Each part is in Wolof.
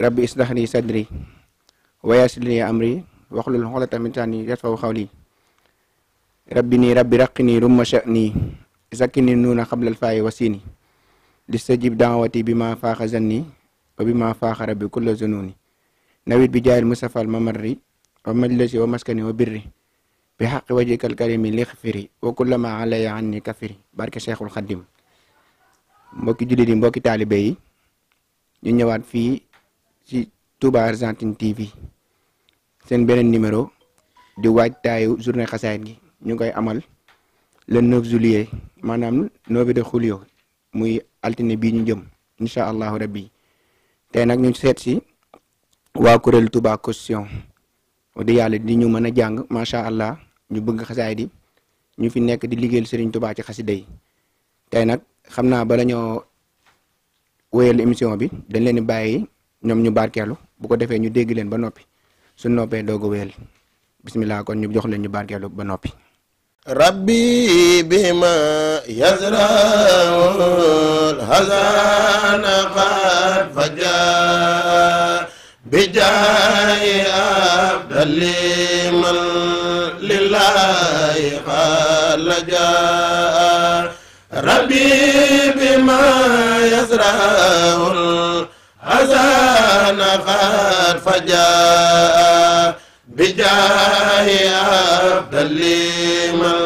rabbi islah sadri wa yassir li amri waxlul xoolata min lisaani yafqahu rabbi nii rabbi raqqini rumma sha'ni zakkini nuuna xablal faayi wasini listajib daawati bi ma faaxa zanni wa bi ma faaxa rabbi kulla zununi nawit bi jaayil mustafal mamarri wa majlasi wa maskani wa birri bi xaqi wajikal karimi li xifiri wa kulla ma alaya anni kafiri barke Seexul Xaddim mbokki jullit yi mbokki taalibe yi fii ci Touba Argentine TV seen beneen numéro di waajtaayu journée xasaayit gi ñu koy amal le 9 juillet maanaam 9 de julio muy altine bi ñu jëm incha allahu rabbi tey nag ñu seet si waa kuréel Touba Caution di yàlla di ñu mën a jàng macha allah ñu bëgg xasaayit yi ñu fi nekk di liggéeyal Serigne Touba ci xasida yi tey nag xam naa bala ñoo wéyal émission bi dañ leen di bàyyi. ñoom ñu barkeelu bu ko defee ñu dégg leen ba noppi su noppee doog a bismillah kon ñu jox leen ñu barkeelu ba noppi rabbi bima yazraul hazana qad faja bi jaayi abdaliman lillahi xalaja rabbi bima yazraul حسن قد فجاء بجاه عبد لمن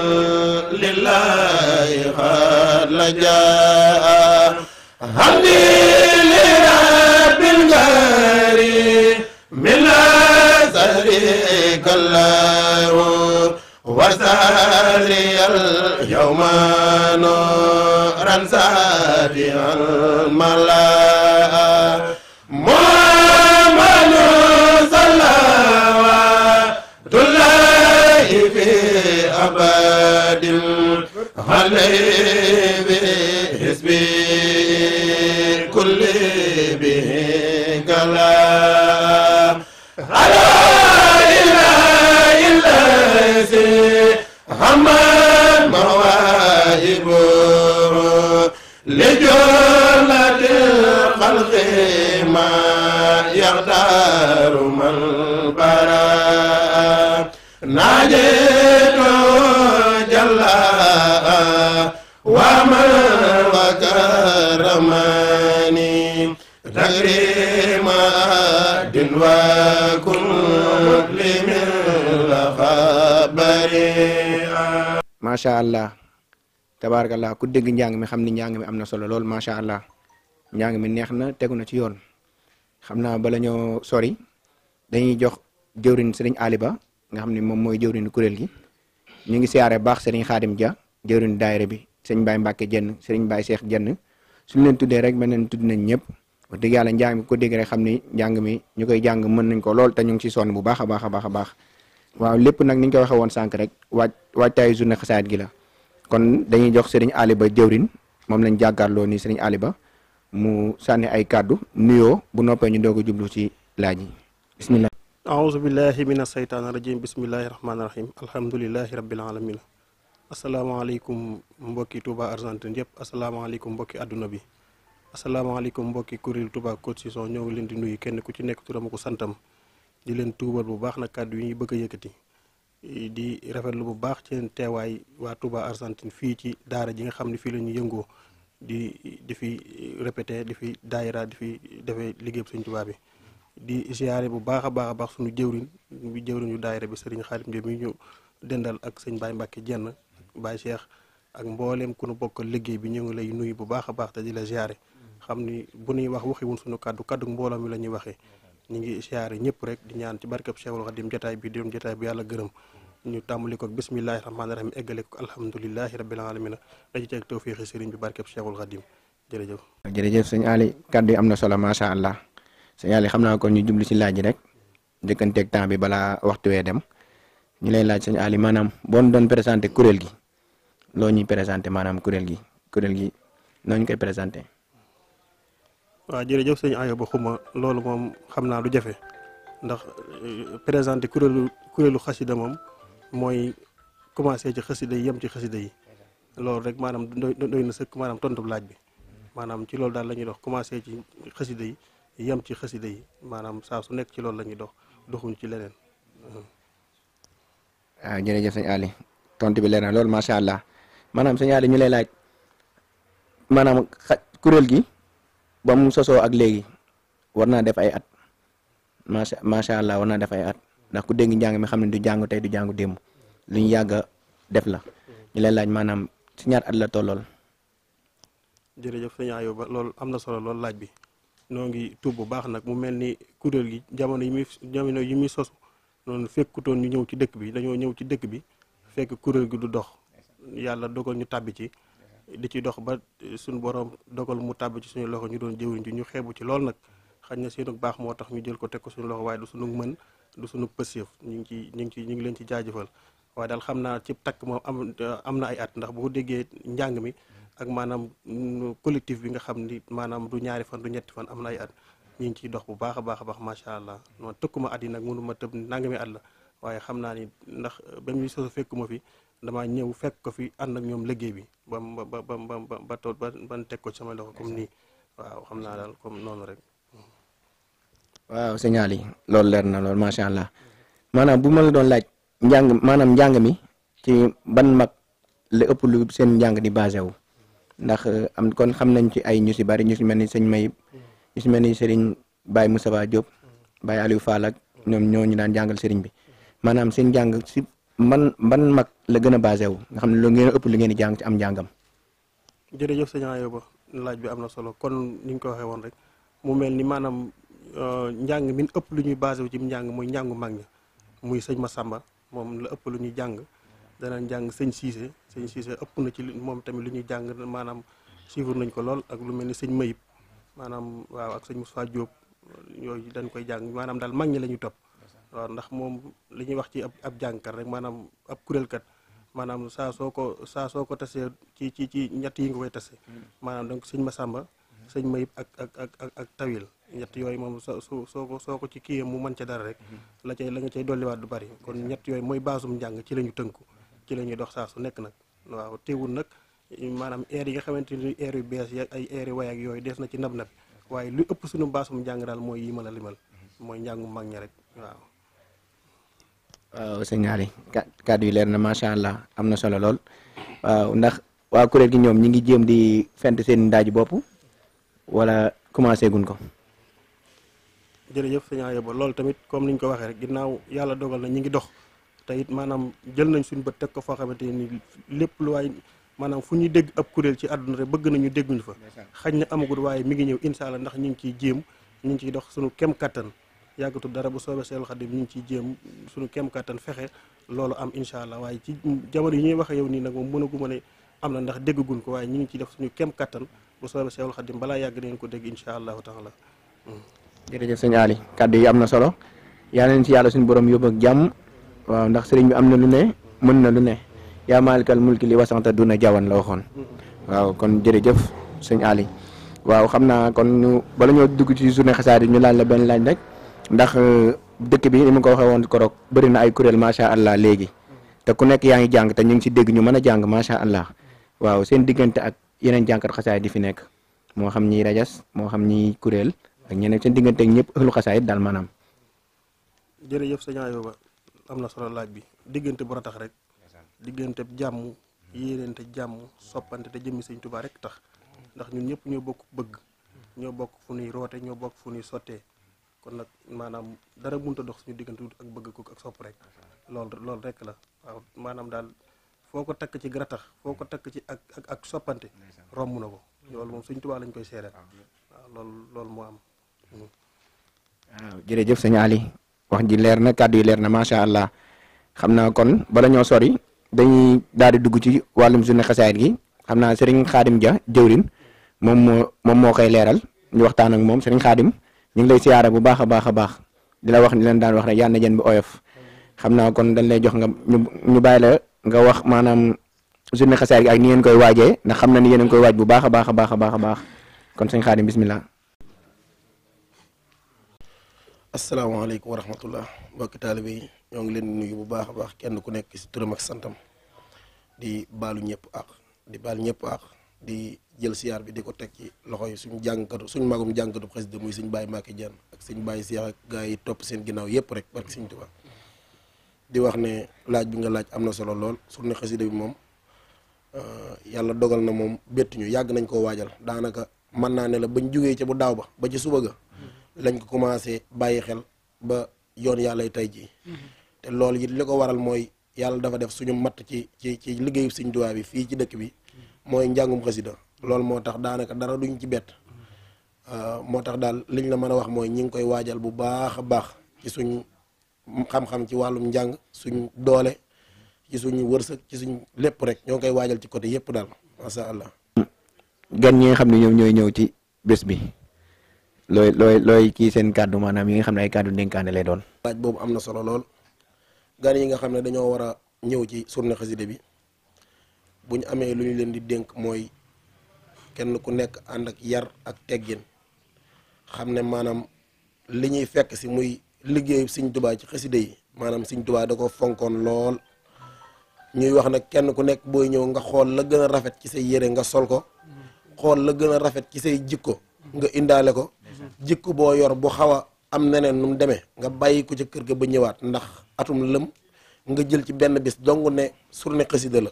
لله قد لجاء هل لرب الغير من لا شريك له وسالي اليوم نورا سابعا الملائكة عليه بحسبي كل به كلا على إله إلا محمد مواهب لجلة الخلق ما يقدر من برا ناجي وكل من لخبري ما شاء الله تبارك الله ku dégg njàng mi xam ni njàng mi am na solo lool macha allah njàng mi neex na tegu na ci yoon xam naa bala ñoo sori dañuy jox jëwrin sëriñ Aliba nga xam ni moom mooy jëwrin kuréel gi ñu ngi siyaare baax sëriñ Xaadim ja jëwrin daayira bi sëriñ Baye Mbacke jenn sëriñ Baye Cheikh jenn suñ leen tuddee rek mel nañ tudd nañ ñëpp. wax yàlla njàng mi ko dégg rek xam ni njàng mi ñu koy jàng mën nañ ko lool te ñu ngi ci sonn bu baax a baax a baax waaw lépp nag ni ñu ko waxee woon sànq rek waaj waajtaayu journée xasaayit gi la kon dañuy jox sëriñ Ali Ba jëwrin moom lañu jàkkaarloo nii sëriñ Ali Ba mu sànni ay kàddu nuyoo bu noppee ñu doog a jublu ci laaj yi bismillah aouzu billahi min asaytaan rajim bismillahi rahmaani rahim alhamdulilahi rabbil alamin asalaamaaleykum mbokki Touba Argentine yëpp asalaamaaleykum mbokki adduna bi asalaamaaleykum mbokki kuréel Touba Côte Sisson ñëw ngi leen di nuyu kenn ku ci nekk turam ku santam di leen tuubal bu baax nag kàddu yi ñuy bëgg a yëkkati di rafetlu bu baax ci leen teewaay waa tubaa Argentine fii ci daara ji nga xam ne fii la ñuy yëngoo di di fi répété di fi daayira di fi defee liggéey Sëñ Touba bi di ziare bu baax a baax a baax suñu jëwriñ bi jëwriñu daayira bi sëriñ Xaadim Njaay mi ñu dendal ak sëñ Baye Mbàkke Jenn Baye Cheikh ak mbooleem ku nu bokk liggéey bi ñu ngi lay nuyu bu baax a baax te di la ziare xam ni bu ñuy wax waxi wun sunu kaddu kaddu mbooloo mi la ñuy waxee ñu ngi siyaare ñëpp rek di ñaan ci barkeb Cheikhul Khadim jotaay bi di doon jotaay bi yàlla gërëm ñu tàmbali ko bismillahi rahmaani rahim eggale ko alhamdulilahi rabbil alamina daji ci ak tawfiixi sëriñ bi barkeb Cheikhul Khadim jërëjëf jërëjëf sëñ Ali kaddu yi am na solo macha allah sëñ Ali xam naa ko ñu jublu ci laaj rek njëkkanteeg temps bi balaa waxtu wee dem ñu lay laaj sëñ Ali maanaam boo doon présenté kuréel gi loo ñuy présenté maanaam kuréel gi kuréel gi noo koy présenté waa jërëjëf sëñ Ayoba xuma loolu moom xam naa du jafe ndax euh, présenté kuréelu kuréelu xasida moom mooy commencé ci xasida yi yem ci xasida yi loolu rek maanaam doy na sëkk maanaam tontu laaj bi maanaam ci loolu daal la ñuy dox commencé ci xasida yi yem ci xasida yi maanaam saa su nekk ci loolu la ñuy dox doxuñ ci leneen. waaw jërëjëf sëñ Ali tontu bi leer loolu macha allah maanaam sëñ Ali ñu lay laaj maanaam kuréel gi. ba mu sosoo ak léegi war naa def ay at macha macha allah war naa def ay at ndax ku dégg njàng mi xam ne du jàng tey du jàng démb lu ñu yàgg def la ñu lay laaj maanaam si ñaar at la tollool. jërëjëf sëñ Ayoba loolu am na solo loolu laaj bi noo ngi tuub bu baax nag mu mel ni kuréel gi jamono yi muy jamono yi muy sosu noonu fekkutoon ñu ñëw ci dëkk bi dañoo ñëw ci dëkk bi fekk kuréel gi du dox yàlla dogal ñu tàbbi ci. di ci dox ba eh, suñu borom dogal mu tàbb ci suñu loxo ñu doon jëwriñ ji ñu xeebu ci lool nag xañ na seenu baax moo tax ñu jël ko teg ko suñu loxo waaye du suñu mën du suñu pësëf ñu ngi ci ñu ngi ci ñu ngi leen ci jaajëfal waaye daal xam naa ci takk ma am eh, am na ay at ndax boo déggee njàng mi ak maanaam mm, collectif bi nga xam ni maanaam du ñaari fan du ñetti fan am na ay at ñu ngi ciy dox bu baax a baax a baax macha allah man tëkkuma at yi nag mënuma tëb nangami at la waaye xam naa ni ndax euh, ba muy sosu fekkuma fi damaa ñëw fekk ko fi ànd ak ñoom liggéey bi ba ba ba ba ba ba ban teg ko ci sama loxo comme nii waaw xam naa daal comme noonu rek. waaw loolu leer na loolu macha allah maanaam bu ma la doon laaj njàng maanaam njàng mi ci ban mag la ëpp lu njàng di basé wu euh, am kon xam nañ ci ay ñu si bari ñu si mel ni sëñ May ñu si mel ni Serigne Baye Moustapha Diop Baye Aliou Fall ñoom ñoo ñu daan jàngal sëriñ bi maanaam seen jàng si man ban mag la gën a basé wu nga xam ne lu ngeen ëpp lu ngeen di jàng ci am njàngam. jërëjëf sëñ Ayoba laaj bi am na solo kon ni ko waxee woon rek mu mel ni maanaam euh, njàng min ëpp lu ñuy basé wu ci njàng mooy njàngu mag ña muy sëñ Massamba moom la ëpp lu ñuy jàng danañ jàng sëñ Cissé sëñ Cissé ëpp na ci moom tamit lu ñuy jàng maanaam suivre nañ ko lool ak lu mel ni sëñ Mayib maanaam waaw ak sëñ Moussa Diop yooyu dañ koy jàng maanaam daal mag ñi la ñuy topp. waaw ndax moom li ñuy wax ci ab ab jàngkat rek maanaam ab kuréelkat maanaam saa soo ko saa soo ko tasee ci ci ci ñett yi nga koy tase hmm. maanaam donc sëñ Masamba hmm. sëñ Mayib ak ak ak ak ak tawil ñett yooyu moom soo soo ko soo ko ci kii mu mën ca dara rek hmm. la cay la nga cay dolliwaat du bari kon ñett yooyu mooy baasum njàng ci la ñu tënku ci la ñuy dox saa su nekk nag waaw teewul nag maanaam air yi nga xamante ni air yu bees yi ay air yu way ak yooyu des na ci nab nab waaye lu ëpp suñu baasum njàng daal mooy ma la limal mooy njàngu mag ña rek waaw sëñ Ali kàddu yi leer na macha allah am na solo lool waaw ndax waa kuréel gi ñoom ñi ngi jéem di fent seen ndaaji bopp wala commencé gun ko. jërëjëf sëñ Ayba loolu tamit comme ni ñu ko waxee rek ginnaaw yàlla dogal na ñi ngi dox te it maanaam jël nañ suñu bët teg ko foo xamante nii lépp lu waay maanaam fu ñuy dégg ab kuréel ci àdduna rek bëgg nañu dégguñu fa. xaj na amagul waaye mi ngi ñëw incha allah ndax ñu ngi ciy jéem ñu ngi ciy dox suñu kem kattan. yàggatul dara bu soobee Seexul Xadim ñu ngi ciy jéem suñu kéem kattan fexe loolu am incha allah waaye ci jamono yi ñuy wax yow nii nag moom mënaguma ne am na ndax déggagun ko waaye ñu ngi ciy def suñu kéem kattan bu soobee balaa yàgg ko dégg incha allahu taala jërëjëf sëñ Ali yi am na solo yaa leen yàlla suñu borom yóbbu ak jàmm waaw ndax sëriñ bi am na lu ne mën na lu ne yaa maalikal mulki li wasanta duna jawan la waxoon waaw kon jërëjëf sëñ Ali waaw xam naa kon ñu bala ñoo dugg ci journée xasaar yi ñu laaj la benn laaj rek ndax euh, dëkk bi ni ma ko waxee woon korok bëri na ay kuréel macha allah léegi te ku nekk yaa ngi jàng te ñu ngi si dégg ñu mën a jàng macha allah waaw seen diggante ak yeneen jànkat xasaay di fi nekk moo xam ñi rajas moo xam ñi kuréel ak ñeneen seen diggante ak ñëpp ëllu xasaay daal maanaam. sëñ Ayoba na solo laaj bi diggante bu ratax rek diggante jàmm yéeneente jàmm soppante te jëmmi rek tax ndax ñun ñëpp ñoo bokk bëgg ñoo bokk fu ñuy roote ñoo bokk fu ñuy sottee. kon nag maanaam dara mënut a dox ñu diggante ak bëgg ko ak sopp rek lool loolu rek la waaw maanaam daal foo ko takk ci grattax foo ko takk ci ak ak ak soppante romb na ko loolu moom suñ tubaab lañ koy seedeel waaw loolu loolu moo am hmm. waaw jërëjëf sëñ Ali wax ji leer na kàddu yi leer na macha allah xam naa kon bala ñoo sori dañuy daal di dugg ci wàllum suñu xasaayit gi xam naa sëriñ Xaadim ja jëwrin moom moo moom moo koy leeral ñu waxtaan ak moom sëriñ Xaadim ñu ngi lay siyaara bu baax a baax a baax di la wax ni leen daan wax rek yàlla na jën bi oyof xam naa kon dañ lay jox nga ñu ñu bàyyi la nga wax maanaam journée xasaar gi ak ni ngeen koy waajee ndax xam na ni yéen koy waaj bu baax a baax a baax a baax a baax kon sëñ Xaadim bismillah asalaamaaleykum wa rahmatullah mbokki taalibe yi ñoo ngi leen di nuyu bu baax a baax kenn ku nekk ci turam ak santam di baalu ñëpp ak di baalu ñëpp ak di jël siyaar bi di ko teg ci loxo yi suñ jàngkatu suñ magum jàngkatu président muy suñ bàyyi Mbacké Diène ak suñ bàyyi Cheikh ak gars yi topp seen ginnaaw yëpp rek barke suñ Tuubaa di wax ne laaj bi nga laaj am na solo lool surne xasida bi moom euh, yàlla dogal na moom bett ñu yàgg nañ ko waajal daanaka mën naa ne la bañ jógee ca bu daaw ba ba ci suba ga lañ ko commencé bàyyi xel ba yoon yàllay tey jii te loolu it li ko waral mooy yàlla dafa def suñu matt ci ci ci liggéeyu suñ Tuubaa bi fii ci dëkk bi mooy njàngum xasida loolu moo tax daanaka dara duñ ci bett euh, moo tax daal liñ la mën a wax mooy ñi ngi koy waajal bu baax a baax ci suñ xam-xam ci wàllum njàng suñ doole ci suñ wërsëg ci suñ lépp rek ñoo koy waajal ci côté yépp daal macha allah. gan ñi nga xam ne ñoom ñooy ñëw ci bés bi looy looy looy kii seen kàddu maanaam yi nga xam ne ay kàddu ndénkaane lay doon. laaj boobu am na solo lool gan yi nga xam ne dañoo war a ñëw ci surne xaside bi buñ amee lu ñu leen di dénk mooy. kenn ku nekk ànd ak yar ak teggin xam ne maanaam li ñuy fekk si muy liggéey Sëñ Tuubaa ci xasida yi maanaam Sëñ Tuubaa da ko fonkoon lool ñuy wax nag kenn ku nekk booy ñëw nga xool la gën a rafet ci say yére nga sol ko xool la gën a rafet ci say jikko nga indaale ko jikko boo yor bu xaw a am neneen nu mu demee nga bàyyi ko ca kër ga ba ñëwaat ndax atum lëm nga jël ci benn bis dong ne surne xasida la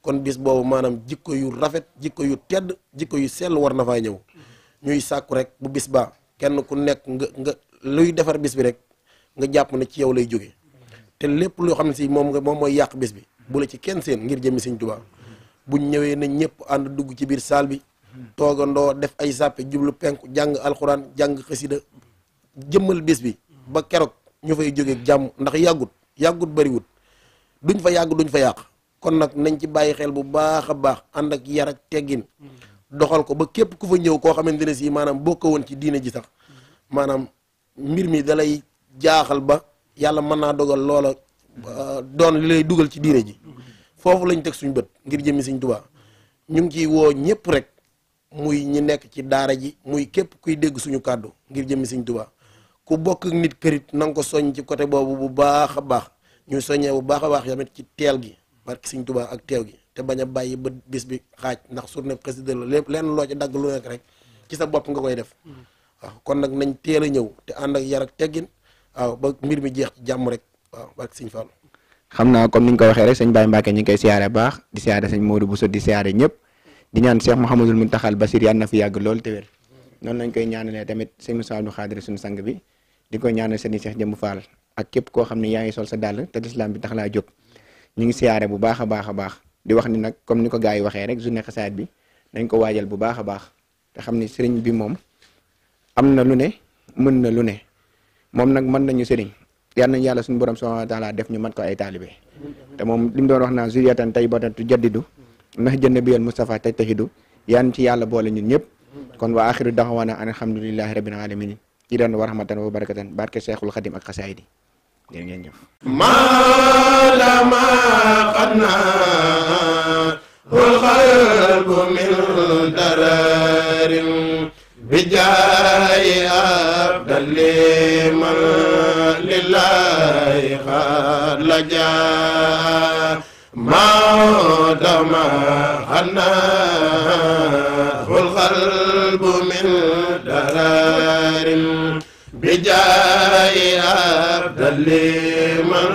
kon bis boobu maanaam jikko yu rafet jikko yu tedd jikko yu sell war na faa ñëw ñuy sàkku rek bu bis baa kenn ku nekk nga nga luy defar bis bi rek nga jàpp ne ci yow lay jóge te lépp loo xam ne si moom nga moom mooy yàq bis bi bu la ci kenn seen ngir jëmi Sëñ Tuubaa buñ ñëwee nañ ñëpp ànd dugg ci biir saal bi toogandoo def ay sàppe jublu penku jàng alxuraan jàng xasida jëmmal bis bi ba keroog ñu fay jóge jàmm ndax yàggut yàggut bariwut duñ fa yàgg duñ fa yàq kon nag nañ ci bàyyi xel bu baax a baax ànd ak yar ak teggin doxal ko ba képp ku fa ñëw koo xamante ne si maanaam bokk woon ci diine ji sax maanaam mbir mi dalay jaaxal ba yàlla mën naa dogal loola euh, doon li lay dugal ci diine ji foofu lañ teg suñ bët ngir jëmmi Sëñ Tuubaa ñu ngi ciy woo ñëpp rek muy ñi nekk ci daara ji muy képp kuy dégg suñu kàddu ngir jëmmi Sëñ Tuubaa ku bokk nit kërit na nga ko soñ ci côté boobu bu baax a baax ñu soññee bu baax a baax tamit ci teel gi barki Sëñ Tuubaa ak teew gi te bañ a bàyyi ba bis bi xaaj ndax journée xasida la lépp lenn loo ci dagg lu nekk rek ci sa bopp nga koy def waaw kon nag nañ teel a ñëw te ànd ak yar ak teggin waaw ba mbir mi jeex ci jàmm rek waaw barki Sëñ Fallu xam naa comme ni nga ko waxee rek sëñ Baye Mbacke ñu ngi koy siyaare baax di siyaare sëñ Modou Bousso di siyaare ñëpp di ñaan Cheikh Mouhamadul Mountakhal Basir yàlla na fi yàgg lool te wér noonu lañ koy ñaanalee tamit sëñ Moussa Abdou Khadir suñu sang bi di ko ñaanal sëñ Cheikh Jëmbu Fall ak képp koo xam ne yaa ngi sol sa dàll te lislaam bi tax laa jóg ñu ngi siyaare bu baax a baax a baax di wax ni nag comme ni ko gars yi waxee rek journée xasaayid bi dañ ko waajal bu baax a baax te xam ni sëriñ bi moom am na lu ne mën na lu ne moom nag mën nañu sëriñ yal nañu yàlla suñu borom subhaanahu wa taala def ñu mat ko ay taalibe te moom li mu doon wax naa zuriyatan tayyibatan tujaddidu ndax jënn biyal Moustapha taj taxidu yaan ci yàlla boole ñun ñëpp kon waa axiru daxawaana alhamdulillahi rabbil alamin ci doon wa rahmatan wa barakatan barke Cheikhul Xadim ak xasaayid ngeen ngeen jëf maalama xad na wal xalbu min dararin bijaayi abdaliman lillahi xad la jaa maodama xad na wal xalbu min dararin bijaayi تسليما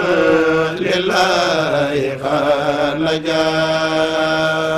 لله قال جاء